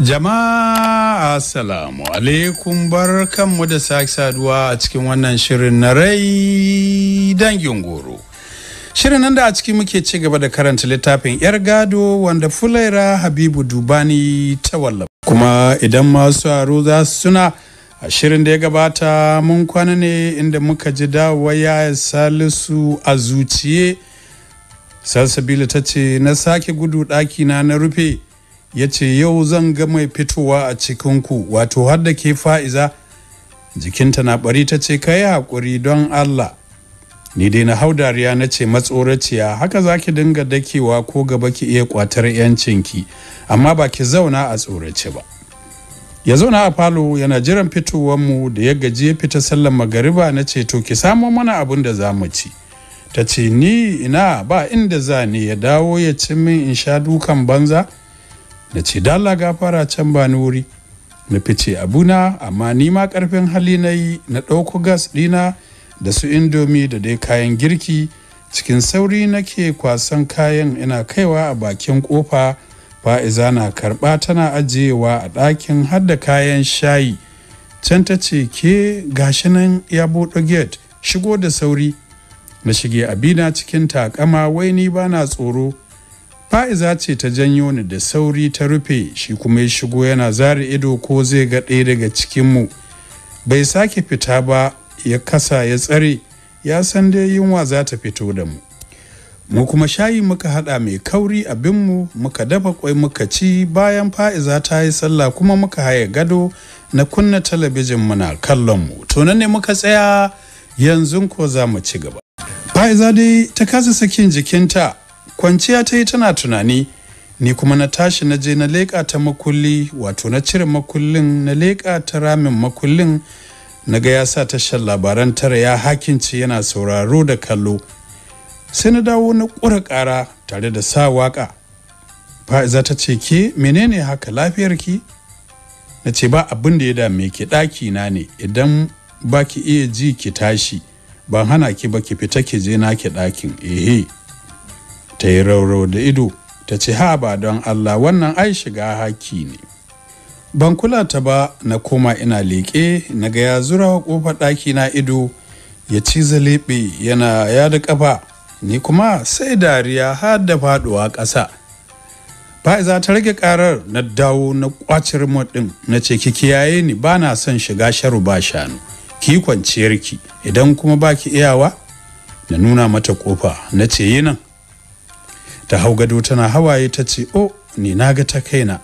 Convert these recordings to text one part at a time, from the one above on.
Jama'a Assalamu alaikum bar kanmu da sake saduwa a cikin wannan shirin na rai dangin goro. Shirin nan da a ciki muke ci gaba da karanta littafin 'yar gado wanda Fulaira Habibu Dubani ta wallafa. Kuma idan masu aro za su suna a shirin da ya gabata mun kwana ne inda muka ji dawowa ya salisu a zuciye. Salsabila ta ce na sake gudu ɗakina na rufe. ya ce yau zan ga mai fitowa a cikinku wato har da ke fa'iza jikinta na bari ta ce ka yi haƙuri don allah ni dai na hau dariya na ce matsoraciya haka za ki dinga dakewa ko gaba ki iya kwatar yancinki amma ba ki zauna a tsorace ba ya zauna a falo yana jiran fitowarmu da ya gaji ya fita sallan magariba na ce to ki samo mana abin da za mu ci ta ce ni ina ba inda za ni ya dawo ya ci min in sha dukan banza da ce dala fara can ba ni wuri na fice abuna amma ni ma karfin hali na yi na ɗauko gas ɗina da su indomi da dai kayan girki cikin sauri nake kwasan kayan ina kaiwa a bakin kofa fa'iza na karɓa tana ajiyewa a ɗakin har kayan shayi can ta ce ke gashi nan ya buɗe gate shigo da sauri na shige abina cikin takama wai ni bana tsoro fa'iza ce ta janyo ni da sauri ta rufe shi kuma ya shigo yana zari ido ko zai ga ɗaya daga cikinmu bai sake fita ba ya kasa ya tsare ya san dai yunwa za ta fito da mu mu kuma shayi muka hada mai kauri abinmu muka dafa kwai muka ci bayan fa'iza ta yi sallah kuma muka haye gado na kunna talabijin muna kallon mu tunan ne muka tsaya yanzu ko za mu ci gaba fa'iza dai ta kasa sakin jikinta kwanciya ta yi tana tunani ni kuma na tashi na je na leƙa ta makulli wato na cire makullin na leƙa ta ramin makullin na ga ya sa tashar labaran tara ya hakinci yana sauraro da kallo sai na dawo na ƙura ƙara tare da sa waƙa fa'iza ta ce ke menene haka lafiyarki na ce ba abin da ya dame ki ɗaki na ne idan ba ki iya ji ki tashi ban hana ki ba ki fita ki je na ki ɗakin ehe ta yi rauro da ido ta ce ha ba don allah wannan ai shiga haki ne ban kula ta ba na koma ina leƙe na ga ya zura ƙofar ɗaki na ido ya ci zalebe yana ya da ƙafa ni kuma sai dariya har da faɗuwa ƙasa za ta rage ƙarar na dawo na ƙwace ɗin na ce ki kiyaye ni ba na son shiga sharu ba shanu ki kwanciyarki idan kuma baki iyawa na nuna mata ƙofa na ce yi nan ta hau gado tana hawaye ta ce o oh, ni na ga ta kaina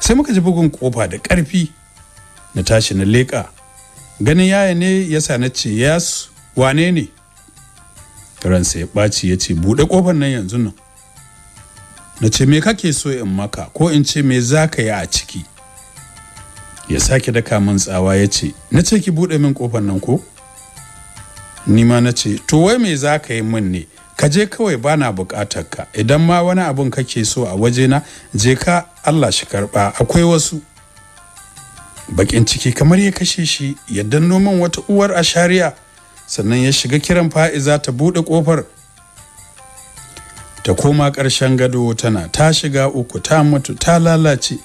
sai muka ji bugun kofa da ƙarfi na tashi na leƙa ganin yaya ne ya sa na ce yas wane ne ransa ya ɓaci ya ce buɗe ƙofar nan yanzu nan na ce me kake so in maka ko in ce me za ka yi a ciki ya sake daka min tsawa ya ce na ce ki buɗe min ƙofar nan ko ni ma na ce to wai me za ka yi min ne ka je kawai bana bukatar ka idan ma wani abun kake so a waje na je ka Allah shi karba akwai wasu bakin ciki kamar ya kashe shi ya noman wata uwar a shari'a sannan ya shiga kiran fa'iza ta buɗe ƙofar ta koma ƙarshen gado tana ta shiga uku ta mutu ta lalace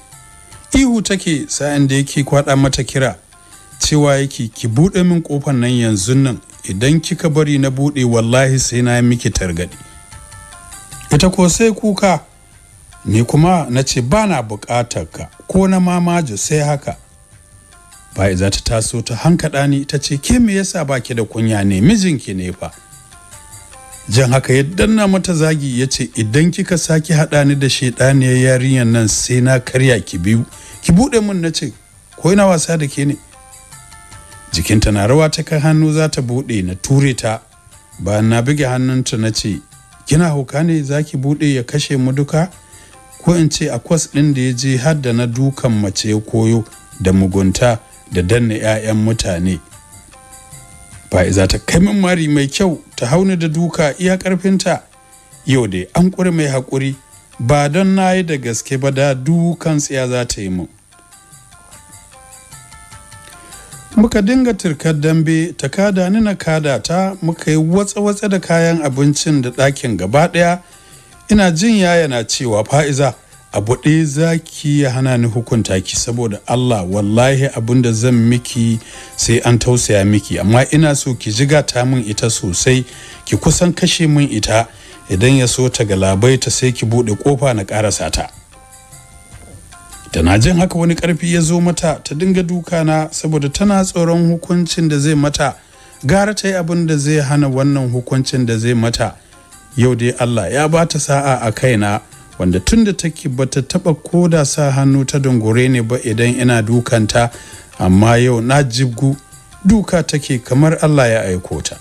ihu take sa'in da yake kwaɗa mata kira cewa yake ki buɗe min ƙofar nan yanzu nan idan kika bari na buɗe wallahi sai na yi miki targaɗi ita ko sai kuka ni kuma na ce ba na buƙatar ka ko na mamaji sai haka bai za ta taso ta hankaɗa ni ta ce ke me yasa ba ki da kunya ne mijinki ne fa jan haka ya danna mata zagi ya ce idan kika sake haɗa ni da shaiɗaniyar yarinyar nan sai na karya ki biyu ki buɗe mun na ce ko ina wasa da ke ne jikinta na rawa ta kai hannu za ta buɗe na ture ta Ba na buge hannunta na ce kina hauka ne za ki buɗe ya kashe mu duka ko in ce a kwas ɗin da ya je har da na dukan mace koyo da mugunta da danna 'ya'yan mutane fa'iza ta kai min mari mai kyau ta ni da duka iya ƙarfinta yau dai an ƙuri mai haƙuri ba don na yi da gaske ba da dukan tsiya za ta yi mu muka dinga turkar dambe ta kada ni na kada ta muka yi watsa-watsa da kayan abincin da ɗakin gaba ɗaya ina jin yaya na cewa fa'iza a buɗe za ki ya hana ni hukunta ki saboda Allah wallahi abin da zan miki sai an tausaya miki amma ina so ki jiga ta min ita sosai ki kusan kashe min ita idan ya so ta galabaita sai ki buɗe ƙofa na ƙarasa ta. tana jin haka wani karfi ya zo mata ta dinga duka na saboda tana tsoron hukuncin da zai mata gara ta yi abin da zai hana wannan hukuncin da zai mata yau dai Allah ya ba ta sa'a a kaina wanda tun da take ba ta taɓa koda sa hannu ta dungure ne ba idan ina dukanta amma yau na jibgu duka take kamar Allah ya aiko ta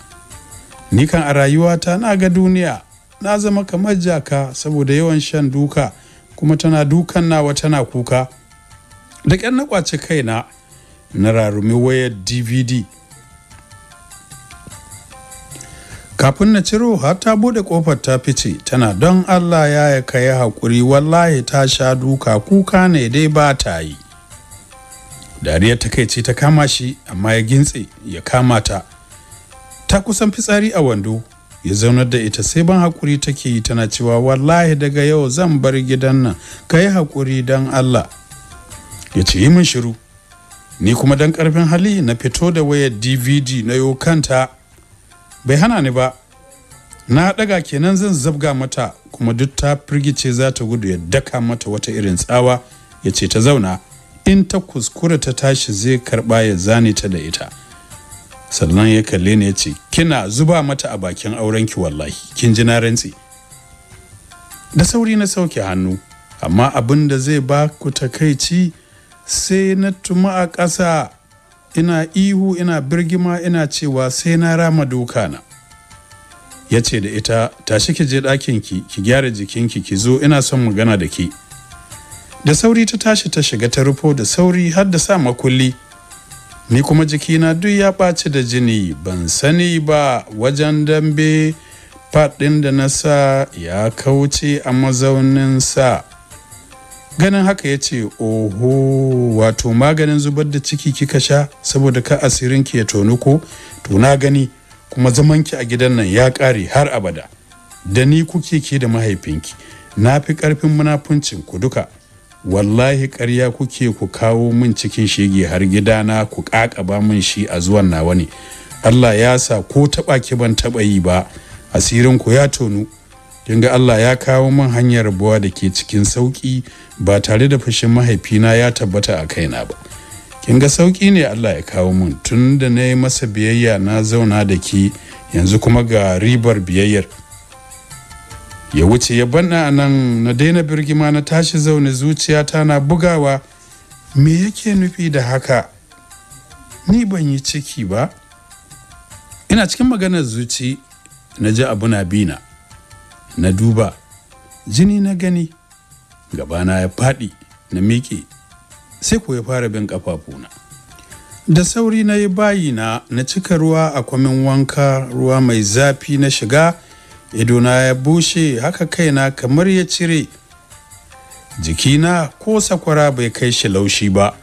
ni kan a rayuwata na ga duniya na zama kamar jaka saboda yawan shan duka kuma tana dukan nawa tana kuka da ƙyar na ƙwace kaina na rarumi wayar dvd kafin na ciro har ta bude kofar ta fice tana don allah ya ya kai haƙuri wallahi ta sha duka kuka ne dai ba ta yi dariyar ta kai ce ta kama shi amma ya gintse ya kama ta ta kusan fitsari a wando ya zaunar da ita sai ban hakuri take yi tana cewa wallahi daga yau zan bar gidan nan ka yi haƙuri don allah ya ce yi min shiru ni kuma don karfin hali na fito da wayar dvd na yau kanta bai hana ni ba na ɗaga kenan zan zabga mata kuma duk ta firgice za ta gudu ya daka mata wata irin tsawa ya ce ta zauna in ta kuskura ta tashi zai karɓa ya zane ta da ita sannan ya kalle ni ya ce kina zuba mata a bakin aurenki wallahi kin ji na rantsi da sauri na sauke hannu amma abin da zai ba ku takaici sai na tuma a ƙasa ina ihu ina birgima ina cewa sai na rama doka na. ya ce da ita tashi ki je ɗakinki ki gyara jikinki ki zo ina son magana da ki da sauri ta tashi ta shiga ta rufo da sauri har da sa makulli ni kuma jikina duk ya ɓaci da jini ban sani ba wajen dambe faɗin da na sa ya kauce a mazaunin sa ganin haka ya ce oho wato maganin zubar da ciki kika sha saboda ka asirin ki ya tonu ko to gani kuma zaman ki a gidan nan ya ƙare har abada da ni kuke ke da mahaifinki na fi ƙarfin munafuncin ku duka wallahi karya kuke ku kawo min cikin shege har gidana ku ƙaƙaba min shi a zuwan nawa ne Allah ya sa ko taɓa ki ban taɓa yi ba asirin ku ya tonu kin ga Allah ya kawo min hanyar buwa da ke cikin sauƙi ba tare da fushin mahaifina ya tabbata a kaina ba kin ga sauƙi ne Allah ya kawo min tun da na yi masa biyayya na zauna da ke yanzu kuma ga ribar biyayyar ya wuce ya banna a nan na daina birgima na tashi zaune zuciyata na bugawa me yake nufi da haka ni ban yi ciki ba ina cikin maganar zuci na ji abu na bina na duba jini na gani gabana ya faɗi na miƙe sai ko ya fara bin ƙafafuna da sauri na yi bayina na cika ruwa a kwamin wanka ruwa mai zafi na shiga idona ya bushe haka kaina kamar ya cire jikina ko sakwara bai kai shi laushi ba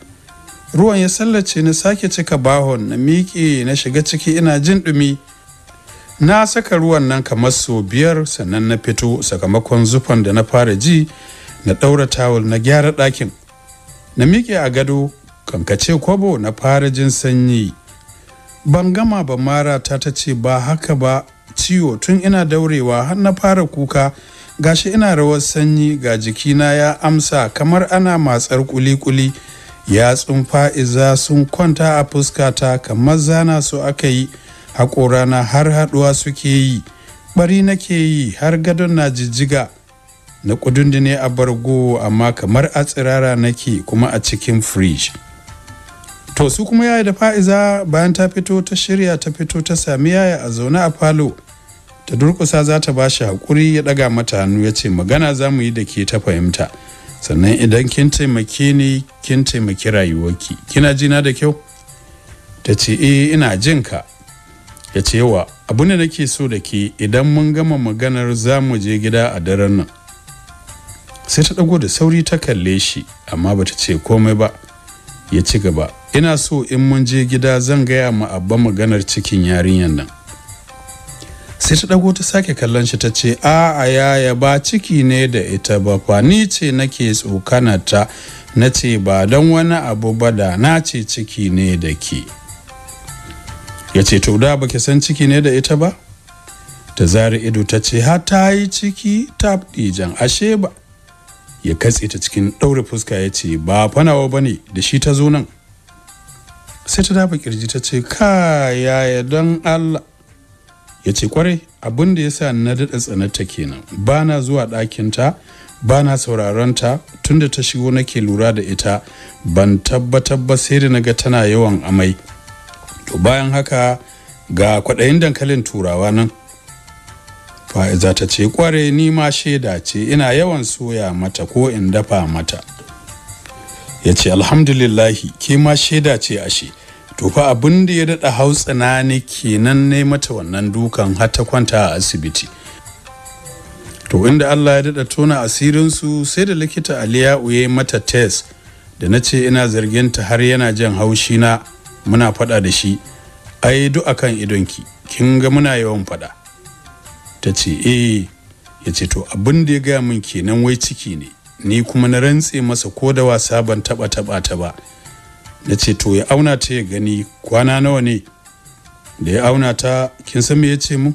ruwan ya sallace na sake cika bahon na miƙe na shiga ciki ina jin ɗumi na saka ruwan nan kamar sau biyar sannan na fito sakamakon zufan da na fara ji na ɗaura tawul na gyara ɗakin na miƙe a gado kankace kwabo na fara jin sanyi ban gama ba mara ta ta ce ba haka ba ciwo tun ina daurewa har na fara kuka gashi ina rawar sanyi ga jikina ya amsa kamar ana matsar kuli-kuli yatsun fa'iza sun kwanta a fuskata kamar zana su aka yi na har haduwa suke yi bari nake yi har gadon na jijjiga na ne a bargo amma kamar a tsirara nake kuma a cikin fridge to su kuma yaya da fa'iza bayan ta fito ta shirya ta fito ta sami yaya a zaune a falo ta durkusa za ta ba shi haƙuri ya ɗaga mata hannu ya ce magana za mu yi da ke ta fahimta sannan idan kin taimake ni kin taimaki rayuwarki kina jina da kyau ta ce eh ina jin ka ya ce yawa abu ne nake so da ke idan mun gama maganar za mu je gida a daren nan sai ta ɗago da sauri ta kalle shi amma bata ce komai ba ya ci gaba ina so in mun je gida zan gaya ma abba maganar cikin yarinyar nan sai ta dago ta sake kallon shi ta ce a a yaya ba ciki ne da ita ba fa ni ce nake tsokanata na ce ba don wani abu ba da na ce ciki ne da ke ya ce to da baki san ciki ne da ita ba ta zari ido ta ce ha ta yi ciki ta jan ashe ba ya katse ta cikin ɗaure fuska ya ce ba fanawa ba ne da shi ta zo nan sai ta dafa kirji ta ce ka yaya don allah ya ce kwarai abin da ya sa na daɗa tsanarta kenan ba na zuwa ɗakinta ba na sauraronta tun da ta shigo nake lura da ita ban tabbatar ba sai da na ga tana yawan amai to bayan haka ga kwaɗayin dankalin turawa nan fa'iza ta ce kware ni ma shaida ce ina yawan soya mata ko in dafa mata ya ce alhamdulillahi ke ma shaida ce ashe to fa abin da ya daɗa hautsina ne kenan ne mata wannan dukan har ta kwanta a asibiti to inda allah ya daɗa tona asirin su sai da likita aliyu ya mata test da na ce ina zargin ta har yana jan haushi na muna faɗa da shi ai duk akan idonki kin ga muna yawan faɗa ta ce eh ya ce to abin da ya gaya min kenan wai ciki ne ni kuma na rantse masa ko da wasa ban taɓa taɓa ta ba na ce to ya auna ta ya gani kwana nawa ne da ya auna ta kin san me ya ce mu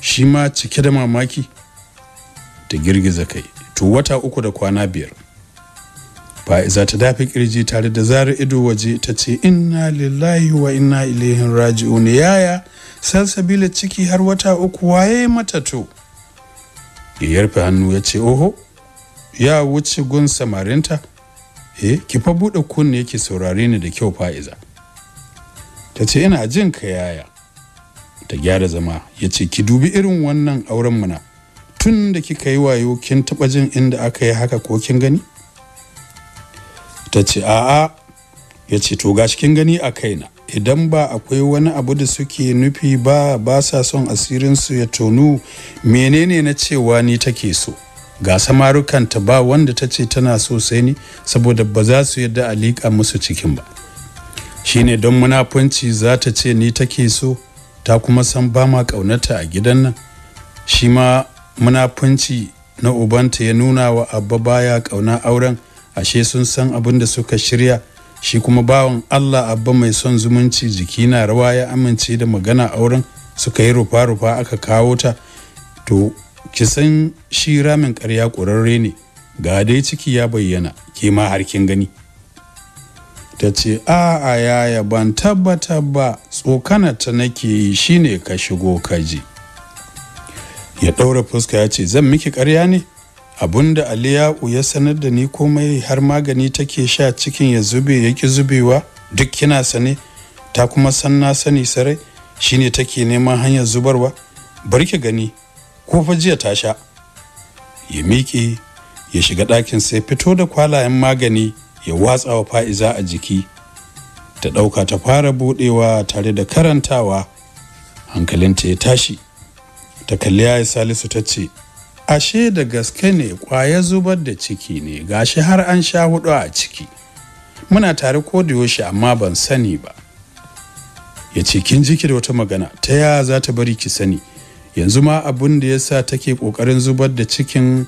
shi ma cike da mamaki ta girgiza kai to wata uku da kwana biyar za ta dafi kirji tare da zarar ido waje ta ce inna lillahi wa inna ilaihin raji'un yaya salsabila ciki har wata uku waye mata to ya yarfe hannu ya ce oho ya wuce gun samarinta eh ki fa buɗe kunne yake saurare ni da kyau fa'iza ta ce ina jin ka yaya ta gyara zama ya ce ki dubi irin wannan auren muna tun da kika yi wayo kin taɓa jin inda aka yi haka ko kin gani ta ce a'a ya ce to gashi kin gani a kaina idan ba akwai wani abu da suke nufi ba ba sa son asirinsu ya tonu menene na cewa ni take so ga samarukan ta ba wanda ta ce tana so sai ni saboda ba za su yadda a liƙa musu cikin ba shine don munafunci za ta ce ni take so ta kuma san ba ma ƙaunata a gidan nan shi ma munafunci na ubanta ya nuna wa abba baya ƙauna auren ashe sun san abin da suka shirya shi kuma bawan allah abba mai son zumunci jiki na rawa ya amince da magana auren suka yi rufa-rufa aka kawo ta to ki san shi ramin ƙarya ƙurarre ne ga dai ciki ya bayyana ke ma har kin gani ta ce a'a yaya ban tabbata ba tsokana ta nake yi shine ka shigo ka je." ya ɗaura fuska ya ce zan miki ƙarya ne Abun da aliyu ya sanar da ni komai har magani take sha cikin ya zube ya ki zubewa duk kina sane ta kuma san na sani sarai shine take neman hanyar zubarwa Bar ki gani ko jiya ta sha ya miƙe ya shiga ɗakin sai fito da kwalayen magani ya watsa wa fa'iza a jiki ta ɗauka ta fara buɗewa tare da karantawa hankalinta ya tashi ta kalli ya salisu ta ce ashe da gaske ne kwaya zubar da ciki ne gashi har an sha hudu a ciki muna tare ko da yaushe amma ban sani ba ya ce kin ki da wata magana ta ya za ta bari ki sani yanzu ma abun da yasa take kokarin zubar da cikin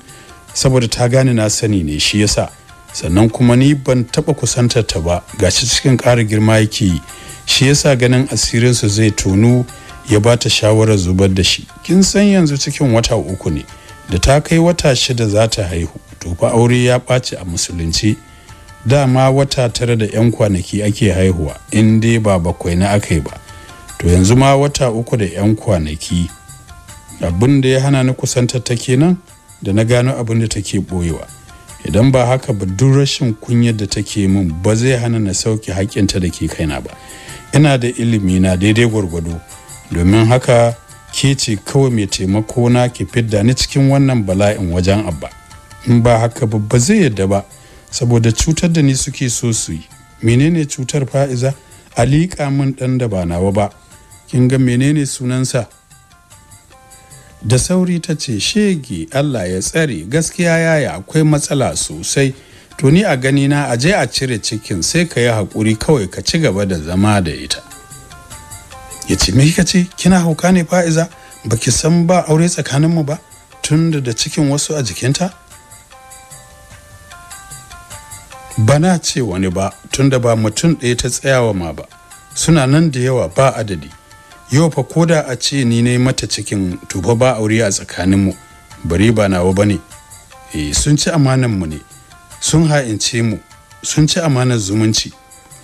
saboda ta gane na sani ne shi yasa sannan kuma ni ban taba kusantar ta ba gashi cikin ƙara girma yake shi yasa ganin asirin su zai tonu ya ba ta shawarar zubar da shi kin san yanzu cikin wata uku ne da ta kai wata shida za ta haihu to fa aure ya ɓaci a musulunci dama wata tara da 'yan kwanaki ake haihuwa in dai ba bakwai na aka yi ba to yanzu ma wata uku da 'yan kwanaki abin da ya hana ni kusantar ta kenan da na gano abin da take boyewa idan ba haka ba duk rashin kunyar da take min ba zai hana na sauke haƙƙinta da ke kaina ba ina da ilimi na daidai gwargwado domin haka ke ce kawai mai taimako na ki fidda ni cikin wannan bala'in wajen abba in ba haka ba ba zai yadda ba saboda cutar da ni suke so su yi menene cutar fa'iza a liƙa min dan da ba nawa ba kin ga menene sunansa da sauri ta ce shege allah ya tsare gaskiya yaya akwai matsala sosai to ni a gani na aje a cire cikin sai ka yi haƙuri kawai ka ci gaba da zama da ita ya ce me kika ce kina hauka ne fa'iza baki san ba aure tsakanin mu ba tunda da cikin wasu a jikinta bana ce wani ba tunda ba mutum ɗaya ta tsayawa ma ba suna nan da yawa ba adadi yau fa koda a ce ni ne mata cikin tufa ba aure a tsakaninmu bari ba nawa bane eh sun ci amanan mu ne sun ha'ince mu sun ci amanar zumunci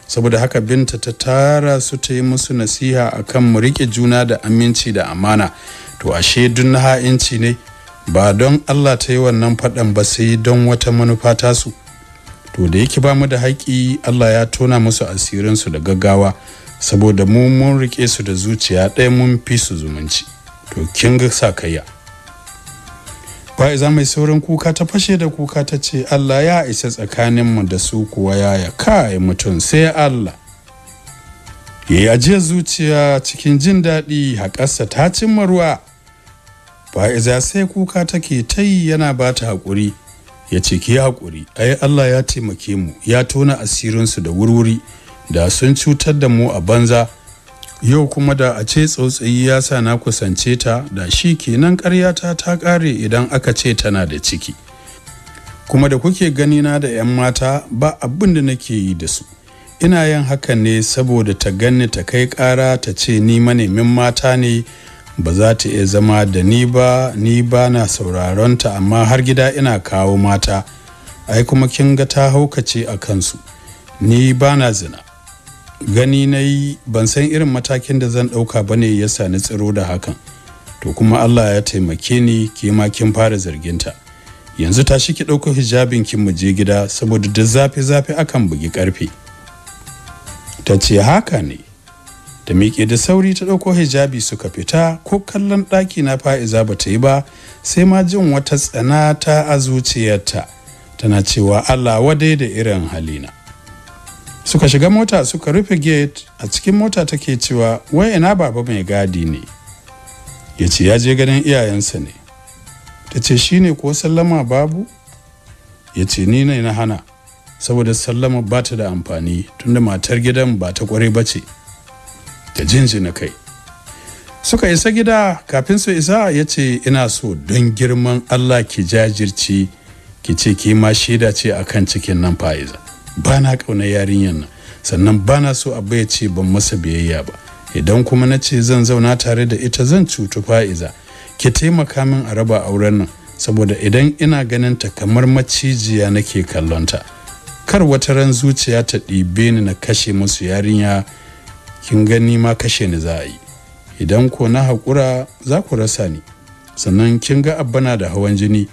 saboda haka binta ta tara su ta yi musu nasiha akan mu rike juna da aminci da amana to ashe dun ha'inci ne ba don Allah ta yi wannan faɗan ba sai don wata manufa tasu to da yake ba mu da haƙi Allah ya tona musu asirinsu da gaggawa saboda mu mun rike su da zuciya ɗaya mun fi su zumunci to kin ga sa kayya fa'iza mai sauran kuka ta fashe da kuka ta ce allah ya isa tsakanin mu da su kuwa yaya kai mutum sai allah ya ajiye zuciya cikin jin daɗi haƙarsa ta cimma ruwa fa'iza sai kuka take ta yi yana ba ta haƙuri ya ce ki haƙuri ai allah ya taimake mu ya tona asirinsu da wurwuri da sun cutar da mu a banza yau kuma da a ce tsautsayi ya sa na kusance ta da shi kenan karyata ta kare idan aka ce tana da ciki kuma da kuke ganina da 'yan mata ba abin da nake yi da su ina yin hakan ne saboda ta ganni ta kai kara ta ce ni manemin mata ne ba za ta iya zama da ni ba ni ba na sauraron ta amma har gida ina kawo mata ai kuma kin ga ta haukace a kansu ni ba na zina gani na yi ban san irin matakin da zan ɗauka ba ne ya sani tsiro da hakan to kuma allah ya taimake ni ke ma kin fara zarginta yanzu ta shi ki ɗauko hijabin kin mu je gida saboda da zafi zafi akan bugi ƙarfe ta ce haka ne da miƙe da sauri ta ɗauko hijabi suka fita ko kallon ɗaki na fa'iza ba ta yi ba sai ma jin wata tsana ta a zuciyarta tana cewa allah wadai da irin halina suka shiga mota suka rufe gate a cikin mota take cewa wai ina baba mai gadi ne ya ce ya je ganin iyayensa ne ta ce shi ne ko sallama babu ya ce ni ne na hana saboda sallama ba ta da amfani tunda matar gidan ba ta kware ba ce ta jinjina kai suka isa gida kafin su isa ya ce ina so don girman allah ki jajirci ki ce ki ma shaida ce akan cikin nan fa'iza bana na ƙauna yarinyar nan sannan bana so abu ya ce ban masa biyayya ba idan kuma na ce zan zauna tare da ita zan cutu fa'iza ki taimaka min a raba auren nan saboda idan ina ganin ta kamar macijiya nake ta kar wata ran zuciya ta ɗibe ni na kashe musu yarinya kin gani ma kashe ni za a yi idan ko na haƙura za ku rasa ni sannan kin ga abba na da hawan jini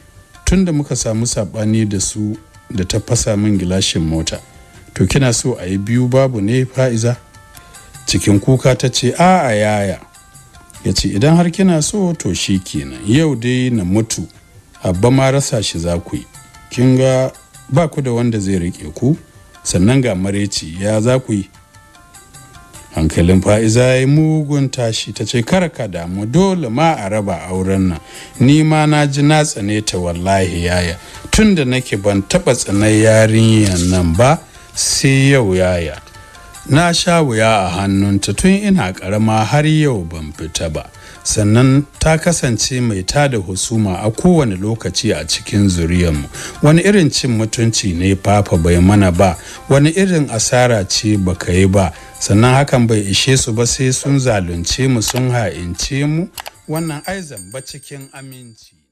tunda muka samu saɓani da su da ta fasa min gilashin mota to kina so a yi biyu babu ne fa'iza cikin kuka ta ce a a yaya ya ce idan har kina so to shi kenan yau dai na mutu abba ma rasa shi za ku yi kin ga ba ku da wanda zai rike ku sannan ga mareci ya za ku yi hankalin fa'iza ya yi mugun tashi ta ce kar ka damu dole ma a raba auren nan ni ma na ji na tsane ta wallahi yaya tun da nake ban taɓa tsanar yarinyar nan ba sai yau yaya na sha wuya a hannunta tun ina karama har yau ban fita ba sannan ta kasance mai tada husuma a kowane lokaci a cikin zuriyarmu wani irin cin mutunci ne papa bai mana ba wani irin asara ce baka yi ba sannan hakan bai ishe su ba sai sun zalunce mu sun ha'ince mu wannan aizan ba cikin aminci